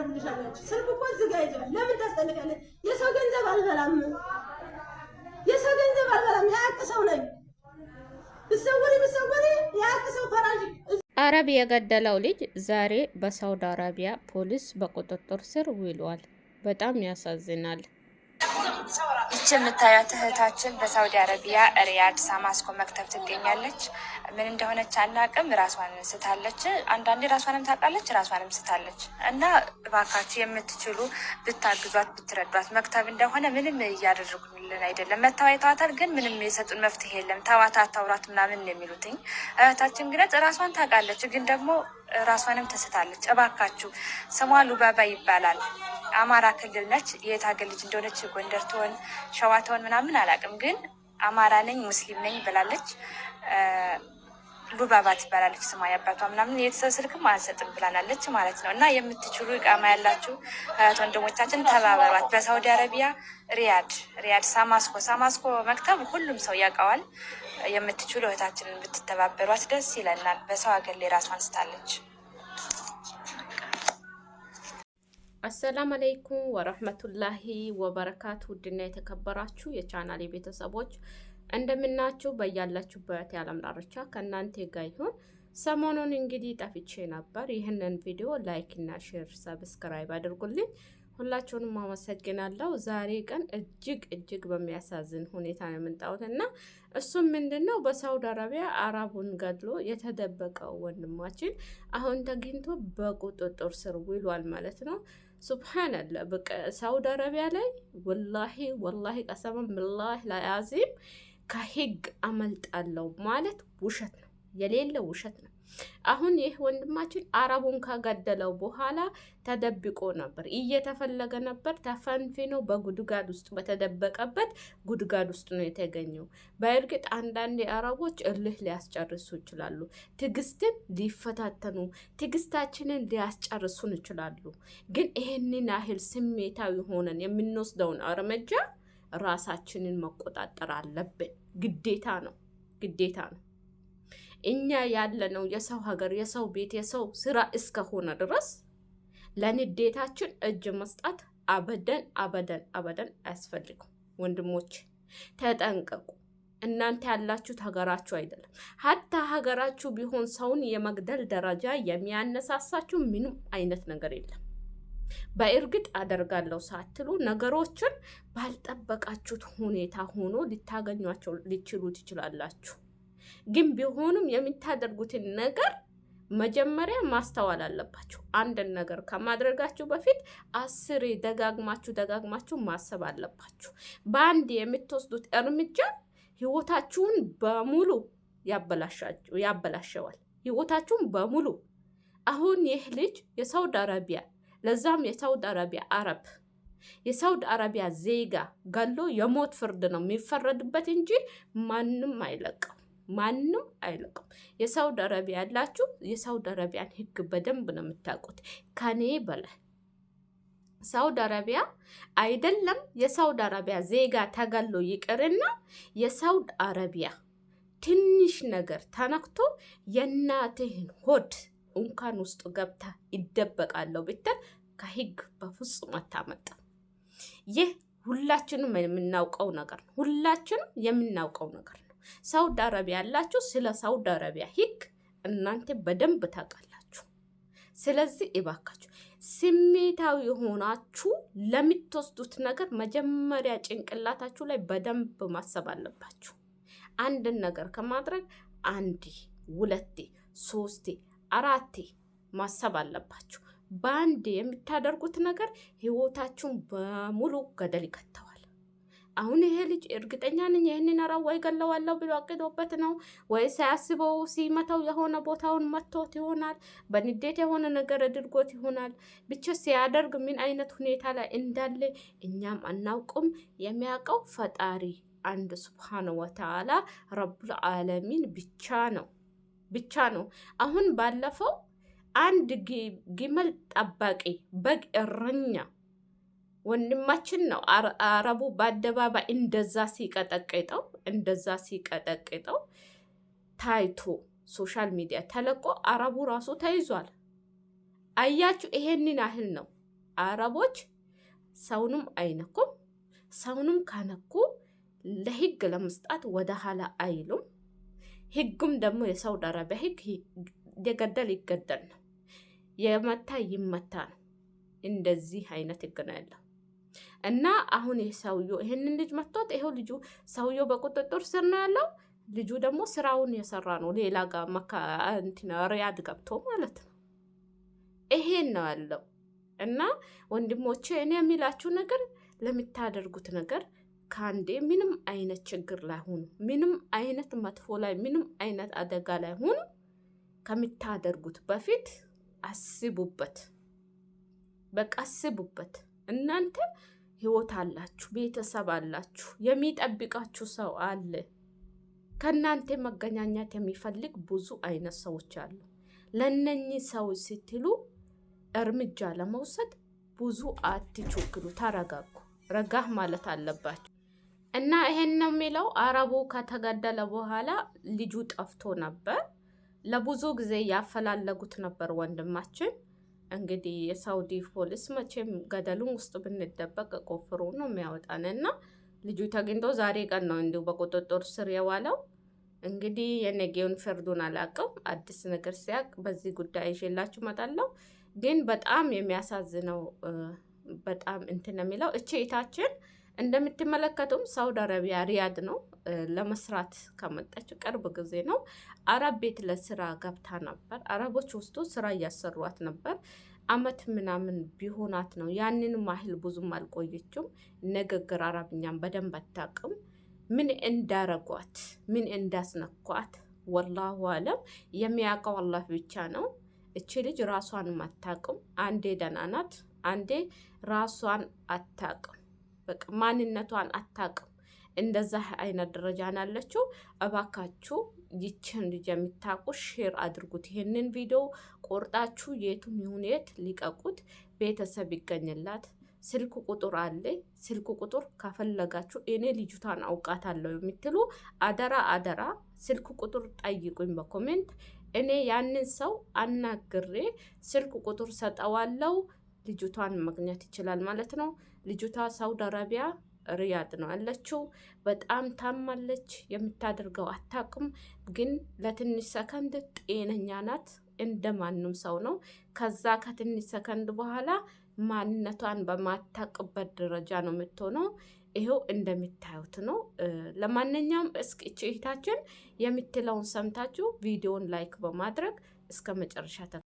ታቀርብልሻላችሁ። ስልክ እኮ እዚህ ጋር ለምን የሰው ገንዘብ አልበላም፣ የሰው ገንዘብ አልበላም። የሀቅ ሰው ነኝ። ብትሰውሪ ብትሰውሪ የሀቅ ሰው ፈራጅ አረብ የገደለው ልጅ ዛሬ በሳውዲ አረቢያ ፖሊስ በቁጥጥር ስር ውሏል። በጣም ያሳዝናል። ይች የምታዩት እህታችን በሳውዲ አረቢያ ሪያድ ሳማስኮ መክተብ ትገኛለች። ምን እንደሆነች አናቅም። ራሷን ስታለች፣ አንዳንዴ ራሷንም ታውቃለች፣ ራሷንም ስታለች እና እባካችሁ የምትችሉ ብታግዟት፣ ብትረዷት መክተብ እንደሆነ ምንም እያደረጉ እየተመለሱልን አይደለም። መታዋይተዋታል ግን ምንም የሰጡን መፍትሄ የለም። ተዋት አታውራት ምናምን የሚሉትኝ እህታችን ግለጽ ራሷን ታውቃለች፣ ግን ደግሞ ራሷንም ተስታለች። እባካችሁ ስሟ ሉባባ ይባላል። አማራ ክልል ነች። የት ሀገር ልጅ እንደሆነች ጎንደር ትሆን ሸዋ ትሆን ምናምን አላውቅም፣ ግን አማራ ነኝ ሙስሊም ነኝ ብላለች። ቡባባ ትባላለች ስሟ ያባቷ ምናምን የቤተሰብ ስልክም አልሰጥም ብላናለች ማለት ነው። እና የምትችሉ እቃማ ያላችሁ እህት ወንድሞቻችን ተባበሯት። በሳውዲ አረቢያ ሪያድ ሪያድ ሳማስኮ ሳማስኮ መክተብ ሁሉም ሰው ያውቀዋል። የምትችሉ እህታችንን ብትተባበሯት ደስ ይለናል። በሰው ሀገር ላይ ራሷ አንስታለች። አሰላም አለይኩም ወረህመቱላሂ ወበረካቱ ውድና የተከበራችሁ የቻናል ቤተሰቦች እንደምናችሁ በያላችሁበት የዓለም ዳርቻ ከእናንተ ጋር ይሁን። ሰሞኑን እንግዲህ ጠፍቼ ነበር። ይህንን ቪዲዮ ላይክ እና ሼር፣ ሰብስክራይብ አድርጉልኝ። ሁላችሁንም አመሰግናለሁ። ዛሬ ቀን እጅግ እጅግ በሚያሳዝን ሁኔታ ነው የምንጣሁት እና እሱም ምንድን ነው በሳውዲ አረቢያ አረቡን ገድሎ የተደበቀው ወንድማችን አሁን ተገኝቶ በቁጥጥር ስር ውሏል ማለት ነው። ሱብሃነላህ በቃ ሳውዲ አረቢያ ላይ ወላሂ ወላሂ ቀሰመን ላይ አዚም ከህግ አመልጣለው ማለት ውሸት ነው፣ የሌለ ውሸት ነው። አሁን ይህ ወንድማችን አረቡን ከገደለው በኋላ ተደብቆ ነበር፣ እየተፈለገ ነበር። ተፈንፍኖ በጉድጋድ ውስጥ በተደበቀበት ጉድጋድ ውስጥ ነው የተገኘው። በእርግጥ አንዳንድ አረቦች እልህ ሊያስጨርሱ ይችላሉ፣ ትግስትን ሊፈታተኑ፣ ትግስታችንን ሊያስጨርሱን ይችላሉ። ግን ይህንን ያህል ስሜታዊ ሆነን የምንወስደውን እርምጃ ራሳችንን መቆጣጠር አለብን። ግዴታ ነው፣ ግዴታ ነው። እኛ ያለነው የሰው ሀገር፣ የሰው ቤት፣ የሰው ስራ እስከሆነ ድረስ ለንዴታችን እጅ መስጠት አበደን አበደን አበደን አያስፈልግም። ወንድሞች ተጠንቀቁ። እናንተ ያላችሁት ሀገራችሁ አይደለም። ሀታ ሀገራችሁ ቢሆን ሰውን የመግደል ደረጃ የሚያነሳሳችሁ ምንም አይነት ነገር የለም። በእርግጥ አደርጋለሁ ሳትሉ ነገሮችን ባልጠበቃችሁት ሁኔታ ሆኖ ልታገኟቸው ልችሉ ትችላላችሁ። ግን ቢሆንም የምታደርጉትን ነገር መጀመሪያ ማስተዋል አለባችሁ። አንድን ነገር ከማድረጋችሁ በፊት አስሬ ደጋግማችሁ ደጋግማችሁ ማሰብ አለባችሁ። በአንድ የምትወስዱት እርምጃ ህይወታችሁን በሙሉ ያበላሸዋል። ህይወታችሁን በሙሉ አሁን ይህ ልጅ የሳውዲ አረቢያ ለዛም የሳውድ አረቢያ አረብ የሳውድ አረቢያ ዜጋ ገሎ የሞት ፍርድ ነው የሚፈረድበት እንጂ ማንም አይለቅም። ማንም አይለቅም። የሳውድ አረቢያ ያላችሁ የሳውድ አረቢያን ህግ በደንብ ነው የምታውቁት ከኔ በላይ። ሳውድ አረቢያ አይደለም የሳውድ አረቢያ ዜጋ ተገሎ ይቅርና የሳውድ አረቢያ ትንሽ ነገር ተነክቶ የእናትህን ሆድ እንኳን ውስጡ ገብታ ይደበቃለሁ ብትል ከህግ በፍጹም አታመጣም። ይህ ሁላችንም የምናውቀው ነገር ነው። ሁላችንም የምናውቀው ነገር ነው። ሳውዲ አረቢያ ያላችሁ ስለ ሳውዲ አረቢያ ህግ እናንተ በደንብ ታውቃላችሁ። ስለዚህ እባካችሁ ስሜታዊ የሆናችሁ ለምትወስዱት ነገር መጀመሪያ ጭንቅላታችሁ ላይ በደንብ ማሰብ አለባችሁ። አንድን ነገር ከማድረግ አንዴ፣ ሁለቴ፣ ሶስቴ አራቴ ማሰብ አለባችሁ። በአንድ የምታደርጉት ነገር ህይወታችሁን በሙሉ ገደል ይከተዋል። አሁን ይሄ ልጅ እርግጠኛ ነኝ ይህንን ወይ ይገለዋለሁ ብሎ አቅዶበት ነው ወይ ሳያስበው ሲመታው የሆነ ቦታውን መቶት ይሆናል። በንዴት የሆነ ነገር አድርጎት ይሆናል። ብቻ ሲያደርግ ምን አይነት ሁኔታ ላይ እንዳለ እኛም አናውቅም። የሚያውቀው ፈጣሪ አንድ ስብሓን ወተዓላ ረቡል ዓለሚን ብቻ ነው። ብቻ ነው። አሁን ባለፈው አንድ ግመል ጠባቂ በግ እረኛ ወንድማችን ነው። አረቡ በአደባባይ እንደዛ ሲቀጠቅጠው እንደዛ ሲቀጠቅጠው ታይቶ ሶሻል ሚዲያ ተለቆ አረቡ ራሱ ተይዟል። አያችሁ፣ ይሄንን ያህል ነው። አረቦች ሰውንም አይነኩም፣ ሰውንም ከነኩ ለህግ ለመስጣት ወደ ኋላ አይሉም። ህጉም ደግሞ የሳውዲ አረቢያ ህግ የገደል ይገደል ነው፣ የመታ ይመታ ነው። እንደዚህ አይነት ህግ ነው ያለው። እና አሁን ይህ ሰውዮ ይህንን ልጅ መቶት ይሄው ልጁ ሰውዮ በቁጥጥር ስር ነው ያለው። ልጁ ደግሞ ስራውን የሰራ ነው፣ ሌላ ጋር ሪያድ ገብቶ ማለት ነው። ይሄን ነው ያለው። እና ወንድሞቼ እኔ የሚላችሁ ነገር ለምታደርጉት ነገር ካንዴ ምንም አይነት ችግር ላይ ሁኑ፣ ምንም አይነት መጥፎ ላይ፣ ምንም አይነት አደጋ ላይ ሁኑ፣ ከምታደርጉት በፊት አስቡበት። በቃ አስቡበት። እናንተ ህይወት አላችሁ፣ ቤተሰብ አላችሁ፣ የሚጠብቃችሁ ሰው አለ። ከእናንተ መገናኘት የሚፈልግ ብዙ አይነት ሰዎች አሉ። ለነኚህ ሰዎች ስትሉ እርምጃ ለመውሰድ ብዙ አትቸኩሉ። ተረጋጉ። ረጋህ ማለት አለባቸው። እና ይሄን ነው የሚለው። አረቡ ከተገደለ በኋላ ልጁ ጠፍቶ ነበር። ለብዙ ጊዜ ያፈላለጉት ነበር ወንድማችን። እንግዲህ የሳውዲ ፖሊስ መቼም ገደሉን ውስጥ ብንደበቅ ቆፍሮ ነው የሚያወጣን እና ልጁ ተገኝቶ ዛሬ ቀን ነው እንዲሁ በቁጥጥር ስር የዋለው። እንግዲህ የነገውን ፍርዱን አላውቅም። አዲስ ነገር ሲያቅ በዚህ ጉዳይ ይዤላችሁ እመጣለሁ። ግን በጣም የሚያሳዝነው በጣም እንትን የሚለው እቼታችን እንደምትመለከቱም ሳውዲ አረቢያ ሪያድ ነው ለመስራት ከመጣችው ቅርብ ጊዜ ነው። አረብ ቤት ለስራ ገብታ ነበር። አረቦች ውስጡ ስራ እያሰሯት ነበር። አመት ምናምን ቢሆናት ነው። ያንን ማህል ብዙም አልቆየችም። ንግግር አረብኛም በደንብ አታውቅም። ምን እንዳረጓት ምን እንዳስነኳት ወላሁ አለም የሚያውቀው አላህ ብቻ ነው። እቺ ልጅ ራሷን አታውቅም። አንዴ ደህና ናት፣ አንዴ ራሷን አታውቅም። አትደበቅ፣ ማንነቷን አታቅም። እንደዛ አይነት ደረጃ ናለችው። እባካችሁ ይችን ልጅ የሚታቁ ሼር አድርጉት። ይህንን ቪዲዮ ቆርጣችሁ የቱም ይሁን የት ሊቀቁት። ቤተሰብ ይገኝላት። ስልክ ቁጥር አለ። ስልክ ቁጥር ከፈለጋችሁ እኔ ልጅቷን አውቃታለሁ የምትሉ አደራ አደራ ስልክ ቁጥር ጠይቁኝ በኮሜንት። እኔ ያንን ሰው አናግሬ ስልክ ቁጥር ሰጠዋለው። ልጅቷን ማግኘት ይችላል ማለት ነው። ልጅቷ ሳውዲ አረቢያ ሪያድ ነው ያለችው። በጣም ታማለች፣ የምታደርገው አታውቅም። ግን ለትንሽ ሰከንድ ጤነኛ ናት፣ እንደ ማንም ሰው ነው። ከዛ ከትንሽ ሰከንድ በኋላ ማንነቷን በማታቅበት ደረጃ ነው የምትሆነው። ይሄው እንደምታዩት ነው። ለማንኛውም እስኪ እህታችን የምትለውን ሰምታችሁ ቪዲዮን ላይክ በማድረግ እስከ መጨረሻ